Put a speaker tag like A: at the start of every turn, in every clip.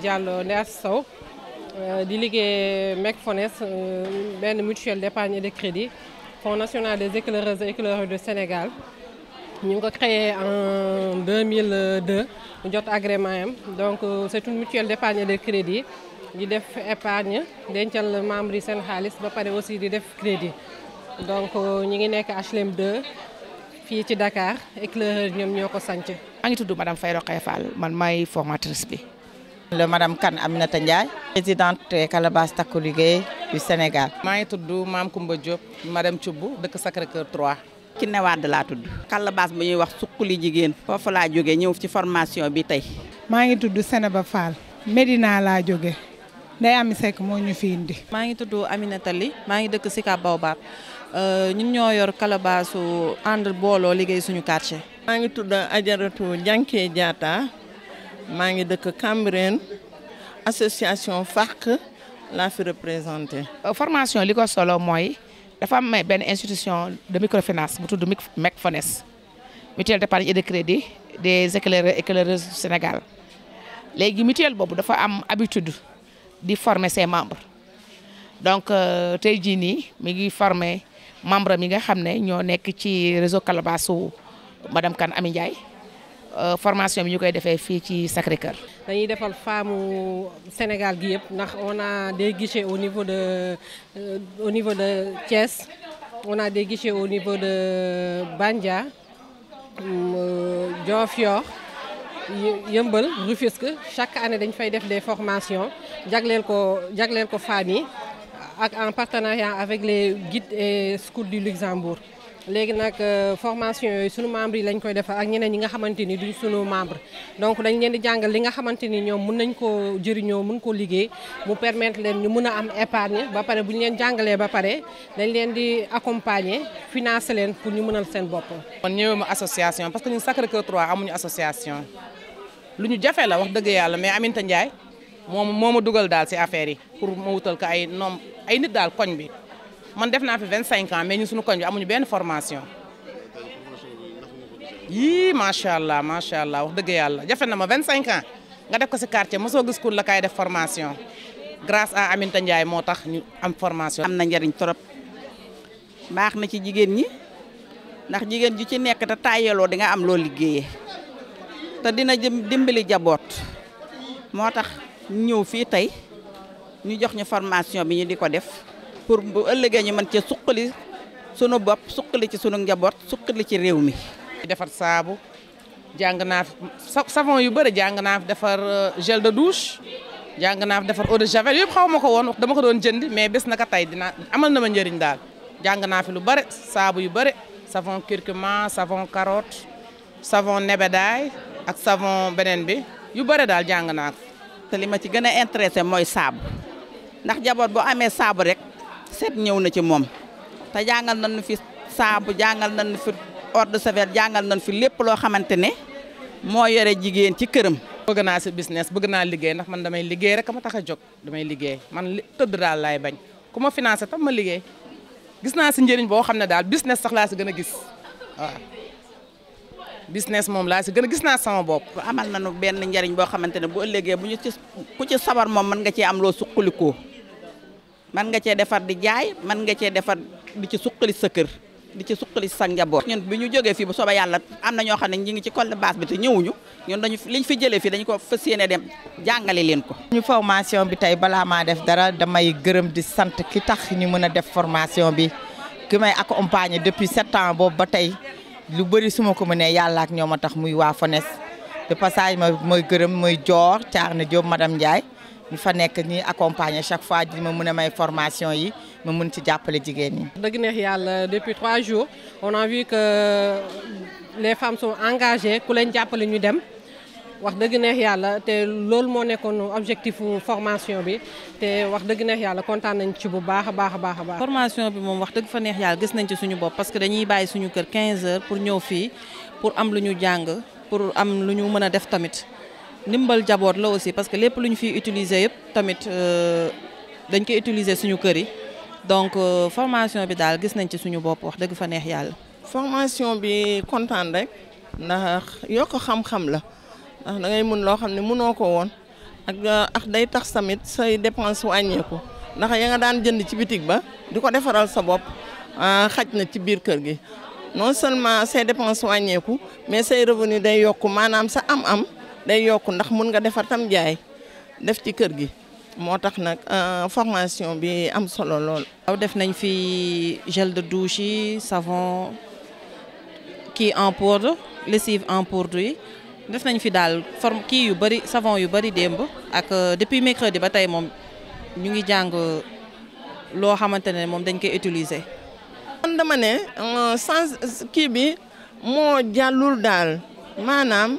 A: Diallo Ndeye Astou Sow euh, di liggéey MECFONES euh, benn mutuelle d'épargne et de crédit fond national des éclaireuses et éclaireurs du Sénégal ñu ngi ko créé en 2002 jot agrément am donc euh, c'est une mutuelle d'épargne et de crédit di def épargne dencal membre yi seen xaalis ba pare aussi di def crédit donc ñu ngi nekk HLM 2 fii ci Dakar éclaireur ñoom ñoo ko sanc
B: maa ngi tudd madame Fayro Rokhaya Fall man maay formatrice
C: bi le madame Kane Aminata Ndiaye présidente Calabas Takku Liggéey du
D: maa ngi tudd maam Koumba
E: Diop madame Thioub dëkk Sacré Cœur 3.
D: Kiné laa tudd. Calabas bu ñuy wax suqali jigéen. foofu laa ñëw ci formation bi tey.
F: maa ngi tudd Sénéba Fall. Medina laa jóge Ndeye Amy Seck moo ñu fi maa ngi tudd
G: Aminata Ly maa ngi dëkk Sika Baobab euh, ñun ñoo yor kalabaasu ànd booloo
H: liggéey suñu quartier. maa ngi tudd Ajaratu Janké Diatta Je suis l'association association FARC euh,
B: formation la est une institution de microfinance de microfinance, mutuelle de crédit des éclaireurs du Sénégal mutuelle l'habitude former ses membres donc euh, membres réseau madame Kan euh, formation bi ñu koy faire ci Sacré Cœur.
A: dañuy défal faamu Sénégal gi yépp ndax on a des guichets au niveau de euh, au niveau de Thiès on a des guichets au niveau de Bandia euh, Diofior Yëmbal Rufisque chaque année dañ fay des formations ko jaglel ko ak en partenariat avec les guides et scouts du Luxembourg. léegi nag euh, formation yooyu suñu membre yi lañ koy defar ak ñeneen ñi nga xamante ni duñ sunu membre donc dañ leen di jàngal li nga xamante ni ñoom mun nañ koo jëriñoo mun ko liggéey mu permettre leen ñu mun a am épargne ba pare bu ñu leen jàngalee ba pare dañ leen di accompagner finance leen pour ñu mun a seen bopp.
E: man ñëwuma association parce que ñun Sacré-Cœur 3 amuñu association lu ñu jafe la wax dëgg yàlla mais Aminta Ndiaye moom moo ma dugal daal si affaire yi pour ma wutal ko noom ay daal koñ bi. man def na fi 25 ans mais ñu suñu koñu amuñu ben formation yii macha allah macha allah wax deug yàlla jafe na ma 25 ans nga def ko ci quartier mosoo gis ku la kay def formation grâce à Aminta Ndiaye motax ñu am formation. amna na torop trop na ci jigen ñi ndax jigen ju ci
D: nekk ta tayelo di nga am lo liggéeyee ta dina dimbali jabot motax tax fi tay ñu jox ñu formation bi ñu diko def. pour bu ëllëgee ñu mën cee suqali sunu bopp suqali ci sunu njaboot suqali ci réew mi.
E: defar saabu jàng naa fi savon yu bëri jàng naa fi defar euh, gel de douche jàng naa fi defar eau de javel yëpp xaw ma ko woon dama ko doon jënd mais bés naka tey dina amal na ma njëriñ daal jàng naa fi lu bëri saabu yu bëri savon curcuma savon carotte savon nebedaay ak savon beneen bi yu bëri daal jàng
D: naa te li ma ci gën a intéressé mooy saabu ndax jaboot boo amee saabu rek. set ñëw na ci moom te jàngal nañu fi saabu jàngal nañu fi eau de
E: javel jàngal nañu fi lépp loo xamante ne moo yore jigéen ci këram. bëgg naa si business bëgg naa liggéey ndax man damay liggéey rek ma tax a jóg damay liggéey man tëdd daal laay bañ ku ma financé tam ma liggéey gis naa si njëriñ boo xam ne daal business sax laa si gën a gis waaw. business moom laa si gën a gis naa sama bopp. amal na nañu benn njëriñ boo xamante ne boo
D: ëllëgee bu ñu ci ku ci sabar moom mën nga cee am loo suqalikoo. man nga cee defar di jaay man nga cee defar di ci suqali sa kër di ci suqali sa njaboot. ñun bi ñu jógee fii bu soobee yàlla am na ñoo xam ne ñu ngi ci colle base bi te ñëwuñu ñun dañu liñ fi jëlee fii dañu ko fas yéene dem jàngale leen ko. ñu formation bi tey balaa maa def dara damay gërëm di sant ki tax
C: ñu mën a def formation bi ki may accompagner depuis sept boobu ba tey lu bëri su ma ko mënee yàlla ak ñoom a tax muy waa FONES de passage ma mooy gërëm mooy joor caar na Diop madame Ndiaye. ñu fa nekk ñuy accompagner chaque fois di ma mën a may formation yi ma mën ci jàppale jigéen ñi.
A: dëgg neex yàlla depuis trois jours on a vu que les femmes sont engagées ku leen jàppale ñu dem wax deug neex yàlla te loolu moo nekkoon objectif formation bi té wax deug neex yalla kontaan nañ ci bu baaxa baaxa baaxa a
G: formation bi mom wax deug fa neex yalla gis nañ ci suñu bop parce que dañuy bayyi suñu kër 15 h pour ñëw fi pour am luñu jang pour am luñu mëna def tamit. Nous jabor la aussi parce que les produits utilisés utiliser tamit euh, dañ koy
H: donc euh, formation bi gis nañ formation bi rek xam la ndax da ngay mën lo xamni mënoko won ak euh, ak day tax tamit say Nous avons ya nga daan jënd ci ba sa ci biir kër gi non seulement mais say revenu day am-am day yokk ndax mën nga défar tam jaay def ci kër gi motax nak nag euh, formation bi am solo lol aw def nañ fi gel de douche savon kii
G: en poudre lessive en poudre yi def nañ fi dal forme ki yu bari savon yu bari demb ak euh, depuis mercredi ba tey moom ñu ngi jang lo
H: xamantene mom dañ koy utiliser. kon dama ne euh, sans ki bi mo jallul dal manam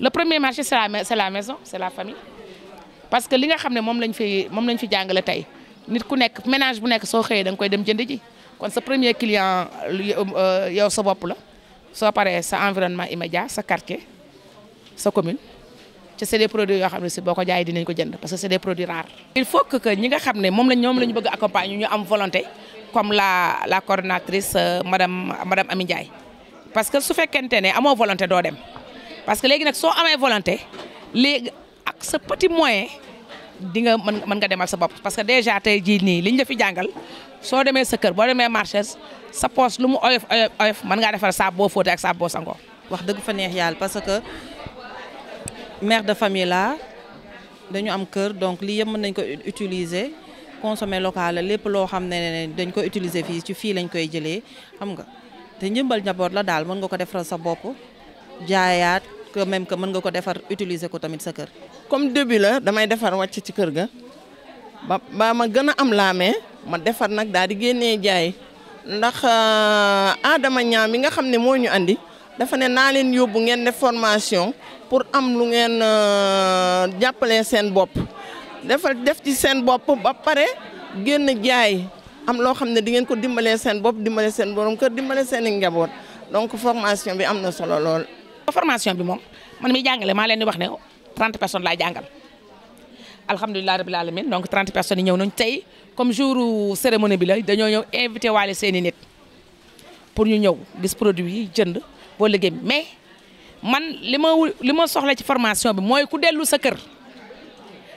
B: le premier marché c'est la la maison c'est la famille parce que li nga xam ne moom lañ fi moom lañ fi jàngale tey nit ku nekk ménage bu nekk soo xëyee da nga koy dem jënd ji kon sa premier client euh, yow sa bopp la soo paree sa environnement immédiat sa quartier sa commune ci c'est des produits que xam ne si boo dinañ ko jënd parce que c'est des produits rares. il faut que ñi nga xam ne moom lañ ñoom la bëgg accompagner ñu am volonté comme la la coordonnatrice euh, madame madame Amy Ndiaye parce que su fekkente ne amoo volonté doo dem. parce que légui nak so amé volonté légui ak sa petit moyen di nga man, man nga démal sa bop parce que déjà tay ji ni liñ la fi jangal so démé sa kër bo démé marché sa
G: poste lu mu oyof oyof oyof mën ngaa defar saabu boo fóotee ak sa bo sango wax deug fa neex yàlla parce que mère de famille la dañu am kër donc li yëm nañ ko utiliser consommer local lepp lo xamné dañ ko utiliser fi ci fi lañ koy jëlé xam nga té ñëmbal njaboot la dal mën nga ko défar sa bop jaayaat que
H: même que mën nga ko defar utiliser ko tamit sa kër. comme début la damay defar wacc ci kër ga ba ba ma gëna am laamee ma defar nak daal di génné jaay ndax euh, Adama ñaam mi nga xamné ne ñu andi dafa né na leen yobbu ngeen né formation pour am lu ngeen euh, jappalé seen bop defal def ci seen bop ba pare génné jaay am lo xamné ne di ngeen ko dimbalé seen bop dimbalé seen borom kër dimbalé seen i donc formation bi am solo lol formation bi mom
B: man mi jàngale ma len di wax ne 30 personnes la jàngal alhamdulilah rabil alamin donc 30 personnes yi ñëw nañ tay comme jour cérémonie bi la dañu ñëw invité walé seeni nit pour ñu ñëw gis produit yi jënd bo liggéey mais man lima lima li soxla ci formation bi moy ku dellu sa kër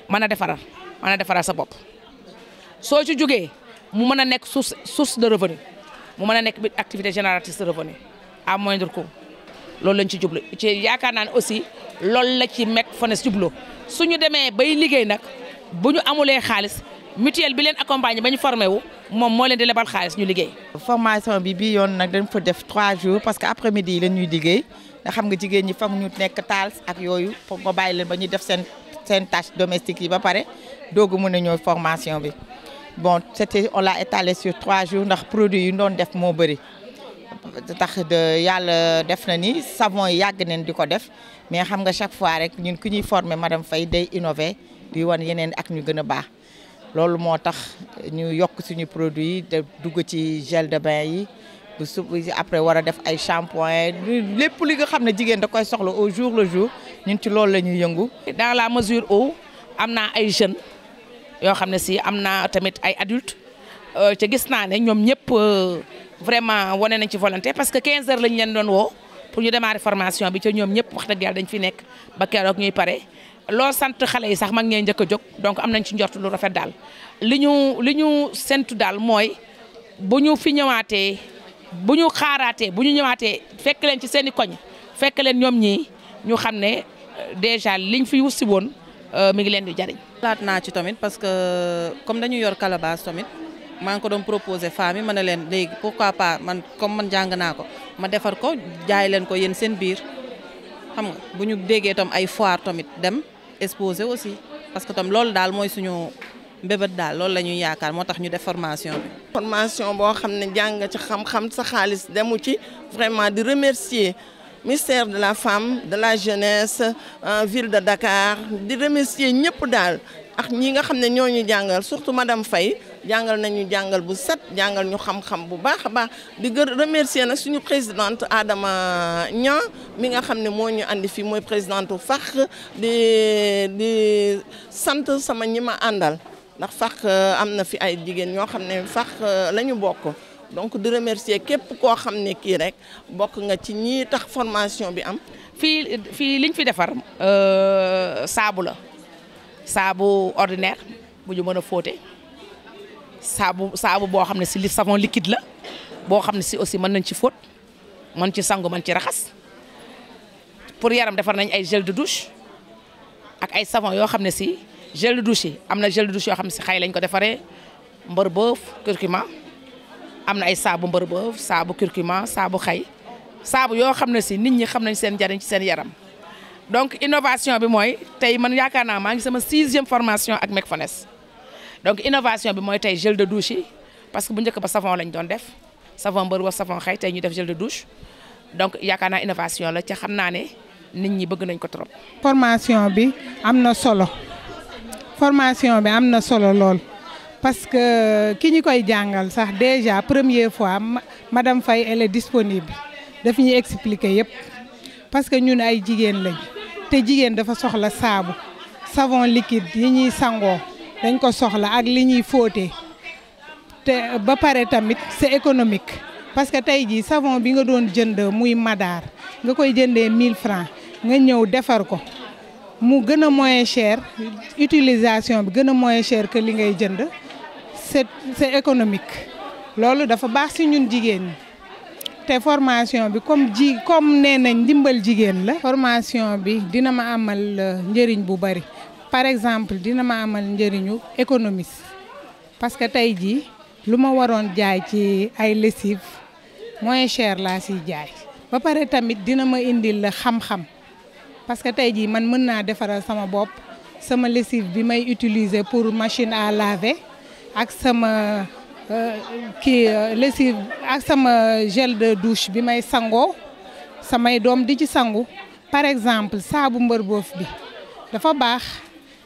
B: mën a defaral mën a defaral sa bopp so ci juggé mu mëna nek source de revenu mu mëna nek activité génératrice de revenu à moindre coût loolu lañ ci jublu ci yaakaar naa ne aussi loolu la ci Mek Fones jublu su ñu demee bay liggéey nag bu ñu amulee xaalis mutuelle bi leen accompagner ba ñu formé wu moom moo leen di lebal xaalis ñu liggéey. formation
C: bi bii yoon nag dañ fa def 3 jours parce que après midi yi la ñuy liggéey xam nga jigéen ñi foog ñu nekk taal ak foog nga bàyyi leen ba ñuy def seen seen tâche domestique yi ba pare doogu mën a ñëw formation bi bon c'était on l'a étalé sur trois jours ndax produit yu ñu doon def moo bëri. tax yalla def na ni savon yag yàgg neen di def mais xam nga chaque fois rek ñun ku ñuy former madame Faye day innover di won yenen ak ñu gëna baax loolu motax ñu yok suñu produit yi de dugg ci gel de bain yi bu su après wara def ay shampoing lepp li nga xamne jigen da koy soxlo au jour le
B: jour ñun ci loolu lañuy ñuy yëngu. dans la mesure où amna ay jeunes yo xamne si amna tamit ay adultes. ca euh, gis naa ne ñoom ñëpp euh, vraiment wane nañ ci volonté parce que 15 heures lañ leen doon woo pour ñu démarrer formation bi ca ñoom ñëpp wax dëgg dañ fi nekk ba keroog ñuy pare loo sant xale yi sax mag ñee njëkk a jóg donc am nañ ci njort lu rafet daal li ñu li ñu sentu daal mooy bu ñu fi ñëwaatee bu ñu xaaraatee bu ñu ñëwaatee fekk leen ci seen i koñ fekk leen ñoom ñii ñu
G: xam ne euh, déjà liñ fi wussi woon mi ngi leen di jariñ. xalaat naa ci tamit parce que comme dañu yor calebasse tamit. maa ngi ko doon proposer femme yi ma ne leen léegi pourquoi pas man comme man jàng naa ko ma defar ko jaay leen ko yéen seen biir xam bu ñu déggee tam ay foire tamit dem exposé aussi parce que tam loolu daal mooy suñu mbébét daal loolu la ñuy yaakaar moo tax ñu def formation
H: boo xam ne jàng ci xam-xam sa xaalis demu ci vraiment di remercier. ministère de la femme de la jeunesse euh, ville de Dakar di remercier ñëpp daal ak ñi nga xam ne ñoo ñu jàngal surtout madame Faye jàngal nañu jàngal bu set jàngal ñu xam-xam bu baax a baax di gër remercier nag suñu présidente Adama Niang mi nga xam ne moo ñu indi fii mooy présidente fax di di sant sama ñi ma àndal ndax fax am na fi ay jigéen ñoo xam ne fax euh, la ñu bokk donc di remercier képp koo xam ne kii rek bokk nga ci ñii tax formation bi am. fii fii liñ fi defar euh, saabu la saabu ordinaire bu ñu
B: mën a fóote saabu saabu boo xam ne si li savon liquide la boo xam ne si aussi mën nañ ci fóot mën ci sangu man ci raxas pour yaram defar nañ ay gel de douche ak ay savon yoo xam ne si gel de douche am na gel de douche yoo xam ne si xay lañ ko defaree mbër bëf curcuma am na ay saabu mbër bëf saabu curcuma saabu xay saabu yoo xam ne si nit ñi xam nañ seen njariñ ci seen yaram donc innovation bi mooy tey man yaakaar naa maa ngi sama sixième formation ak Mekfones donc l'innovation, c'est le gel de douche parce que bu avons savon savon savon gel de douche donc il y a une innovation,
F: formation bi la solo formation parce que qui euh, koy jàngal déjà première fois madame Faye elle est disponible expliquer parce que ñun ay des lañ dafa soxla savon liquide yi dañ ko soxla ak li ñuy fóotee te ba pare tamit c'est économique parce que tey jii savon bi nga doon jënd muy madaar nga koy jëndee 1000 francs nga ñëw defar ko mu gën a moins cher utilisation bi gën a moins cher que li ngay jënd c'est c'est économique loolu dafa baax si ñun jigéen ñi te formation bi comme ji comme nee nañ ndimbal jigéen la formation bi dina ma amal euh, njëriñ bu bari par exemple dina ma amal économiste parce que tey dit, ay lessive moins cher là jaay ba tamit dina ma parce que man sama lessive je may utiliser pour machine à laver ak sama euh, euh, lessive ak sama gel de douche bi may sango, samay sang di ci sango. par exemple un mbërboof bi dafa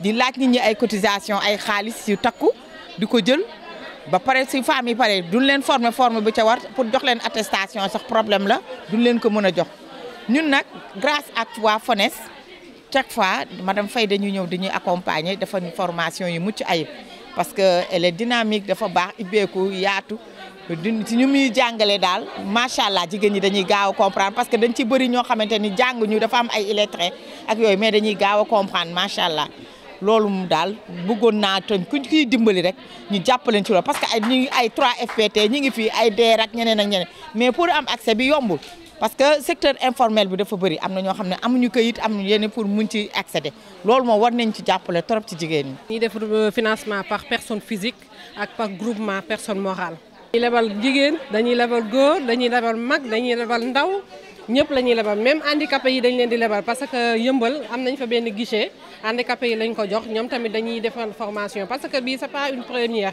C: di laaj nit ñi ay cotisation ay xaalis yu takku di ko jël ba pare femme femmes yi pare duñ leen former former bu ca war pour jox leen attestation sax problème la duñ leen ko mën a jox ñun grâce à toi FONES chaque fois madame Faye dañuy ñëw dañuy accompagner dafa ñu formation yu mucc ayib parce que elle est dynamique dafa baax ibbeeku yaatu si ñu muy jàngale daal macha allah jigéen ñi dañuy gaaw comprendre parce que dañ ci bëri ñoo xamante ni jàng ñu dafa am ay illettrés ak yooyu mais dañuy gaaw comprendre Machallah loolu mu daal bëggoon naa toñ ku kiy dimbali rek ñu jàppaleen ci loolu parce que ay ñu ngi ay 3 FPT ñi ngi fi ay DER ak ñeneen ak ñeneen mais pour am accès bi yomb parce que secteur informel bi dafa bëri amna ño xamné amuñu ne amuñu yene pour muñ ci accéder loolu mo war nañ ci jappalé torop ci jigéen
A: ñi. def euh, financement par personne physique ak par groupement personne morale. dañuy lebal jigéen dañuy lebal goor dañuy lebal mag dañuy lebal ndaw. ñëpp lañuy lebal même handicapé yi dañ leen di lebal parce que yëmbal am nañ fa benn guichet handicapé yi lañ ko jox ñom tamit dañuy defal formation parce que bi c'est pas une première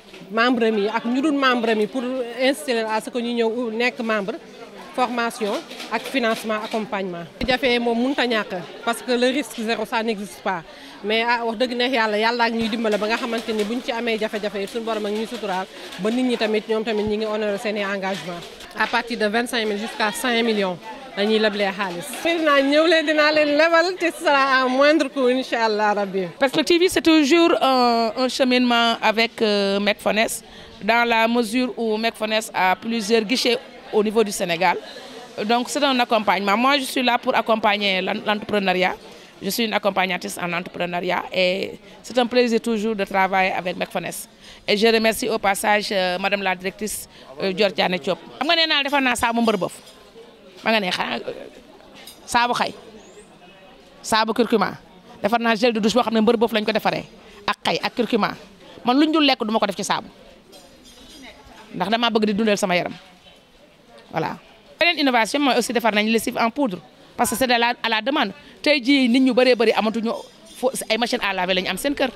A: membre mi membres pour installer à ce que nous ñëw membre formation financement accompagnement. Je mom un mot montagnard parce que le risque zéro ça n'existe pas mais ah wax deug neex yalla yalla ak ñuy dimbale ba nga xamanteni buñ ci amé jafé jafé suñu borom ak ñuy ba nit ñi tamit tamit ñi ngi engagement à partir de 25 000 jusqu'à 100 millions dañuy leblee xaalis. dinaa ñew leen dina leen lebal ci ce sera à moindre coût inshallah rabbi. perspective c'est toujours un,
B: cheminement avec euh, dans la mesure où Mecfones a plusieurs guichets au niveau du Sénégal donc c'est un accompagnement moi je suis là pour accompagner l'entrepreneuriat je suis une accompagnatrice en entrepreneuriat et c'est un plaisir toujours de travailler avec McFones. Et je remercie au passage euh, Madame la directrice euh, Georgiane Diop. Je nga nee naa defar naa saabu mbër bof ma nga euh, curcuma defarna gel de douche bo xam mbeur bof lañ ko defaree ak xay ak curcuma man luñ dul lek duma ko def ci saabu ndax dama bëgg di dundal sama yaram voilà. beneen innovation moy aussi defar nañ lessive en poudre. parce que c'est de la à la demande tey jii nit ñu bëree bëri amatuñu fo ay machine à laver la am seen kër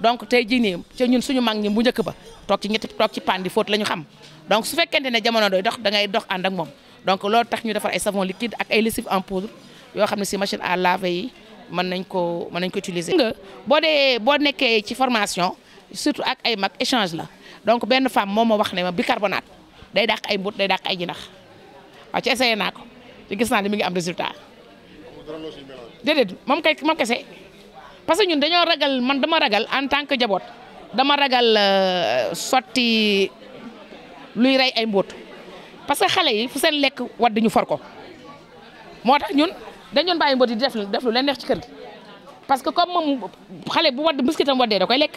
B: donc tey jii nii ca ñun suñu mag ñi bu njëkk ba toog ci ñetti toog ci pan di fóot la ñu xam donc su fekkente ne jamono doy dox da dox ànd ak moom donc loolu tax ñu defar ay savon liquide ak ay lessive en poudre yoo xam ne si machine à laver yi mën nañ ko mën nañ ko utiliser nga boo dee boo nekkee ci formation surtout ak ay mag échange la donc benn femme moo ma wax ne ma bi bicarbonate day dàq ay mbut day dàq ay jinax waaw ci essayé naa ko te gis naa ne mi ngi am résultat déedéet moom kay moom kese parce que ñun dañoo ragal man dama ragal en tant que jaboot dama ragal euh, sotti luy rey ay mbóot parce que xale yi fu seen lekk wadd ñu for ko moo tax ñun dañu doon ay mbóot yi def def lu leen neex ci kër parce que comme moom xale bu wadd mbiskitam waddee da koy lekk.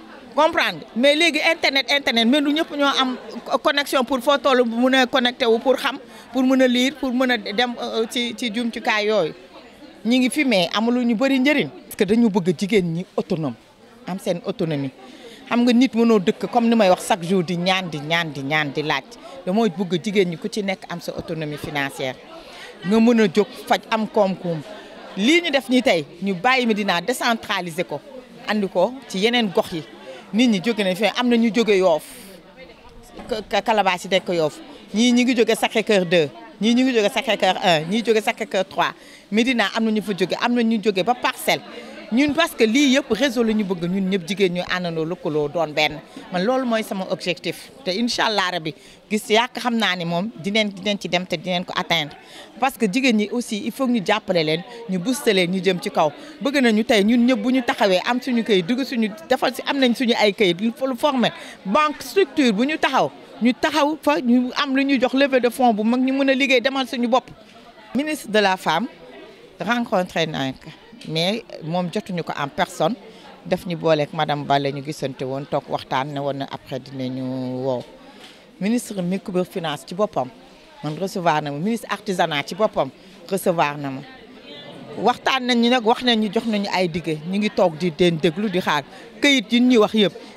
C: comprendre mais léegi internet internet mais du ñëpp ñoo am connexion pour foo toll mun a connecté wu pour xam pour mën a liir pour mën a dem euh, ci ci jumtukaay yooyu ñi ngi fi mais amulu ñu bëri njëriñ. parce que dañu bëgg jigéen ñi autonome am seen autonomie xam nga nit mënoo dëkk comme ni may wax chaque jour di ñaan di ñaan di ñaan di laaj damooy bëgg jigéen ñi ku ci nekk am sa autonomie financière nga mën a jóg faj am koom-koom lii ñu def nii tey ñu bàyyi mi dinaa décentraliser ko andi ko ci yeneen gox yi. nit ñi jóge nañ fee am na ñu jóge yoof Calabas yi dekk yoof ñii ñi ngi jóge Sacré-Cœur 2 ñii ñu ngi jóge Sacré-Cœur ñii jóge sake cœur 3 Médina am na ñu fa jóge am na ñu jóge ba Parcelles ñun parce que li yëpp réseau la ñu bëgg ñun ñëpp jigéen ñu àndandoo lëkkaloo doon benn man loolu mooy sama objectif te incha allah rabi gis yàq xam naa ne moom dinañ dinañ ci dem te dinañ ko atteindre parce que jigéen ñi aussi il faut ñu jàppale leen ñu booster leen ñu jëm ci kaw bëgg nañu tey ñun ñëpp bu ñu taxawee am suñu kayit dugg suñu defal si am nañ suñu ay kayit lu formel banque structure bu ñu taxaw ñu taxaw fa ñu am lu ñuy jox levée de fonds bu mag ñu mën a liggéey demal suñu bopp ministre de la femme rencontré naa ko mais moom jotuñu ko en personne def ñu booleek madame Bale ñu gisante woon toog waxtaan ne woon na après ñu wow ministre finance ci boppam man recevoir na ma ministre artisanat ci boppam recevoir na ma waxtaan nañ ñu nag wax nañ ñu jox nañu ay digge ñu ngi toog di den déglu di xaar këyit yi ñuy wax yëpp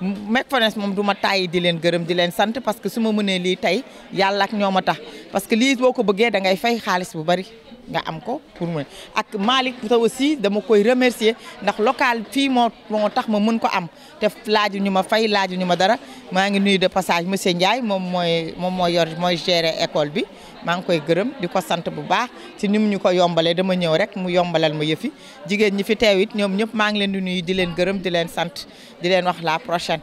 C: Mecfenes moom du ma tàyyi di leen gërëm di leen sant parce que su ma mënee lii tey yàlla ak tax parce que lii boo ko bëggee da ngay fay xaalis bu bari nga am ko pour mën ak Malick taw aussi dama koy remercier ndax local fii moo moo tax ma mën ko am te laaj ñu ma fay laaju ñu ma dara maa ngi nuyu de passage monsieur Ndiaye moom mooy moom mooy yor mooy gérer école bi maa ngi koy gërëm di ko sant bu baax ci ni mu ñu ko yombalee dama ñëw rek mu yombalal ma yëfi jigéen ñi fi teew it ñoom ñëpp maa ngi leen di nuyu di leen gërëm di leen sant di leen wax la prochaine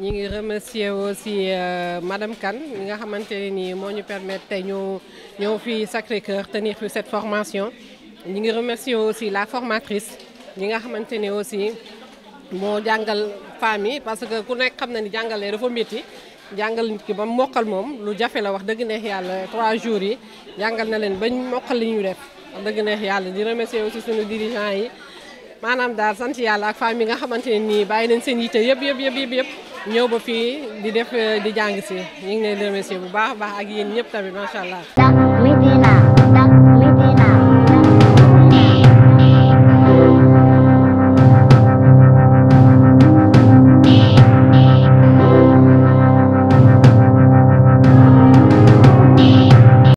A: ñi ngi remercier aussi euh, madame Kane mi nga xamante ne nii moo ñu permettre tey ñu ñëw fii Sacré-Cœur tenir fi cette formation ñi ngi remercier aussi la formatrice ñi nga xamante ne aussi moo jàngal femme parce que ku nekk xam na ni jàngalee dafa métti jàngal nit ki ba mokkal mom lu jafé la wax dëgg neex yalla 3 jours yi jangal na leen bañ mokkal li ñu def wax neex yalla di remercier aussi suñu dirigeant yi manam daal sante yalla ak fami nga xamanteni ni nii nañ seen yité yëpp yëpp yëpp yëpp yëpp ñëw ba fii di def di jàng si ñu ngi leen remercier bu baax a baax ak yéen ñëpp tamit macha allah.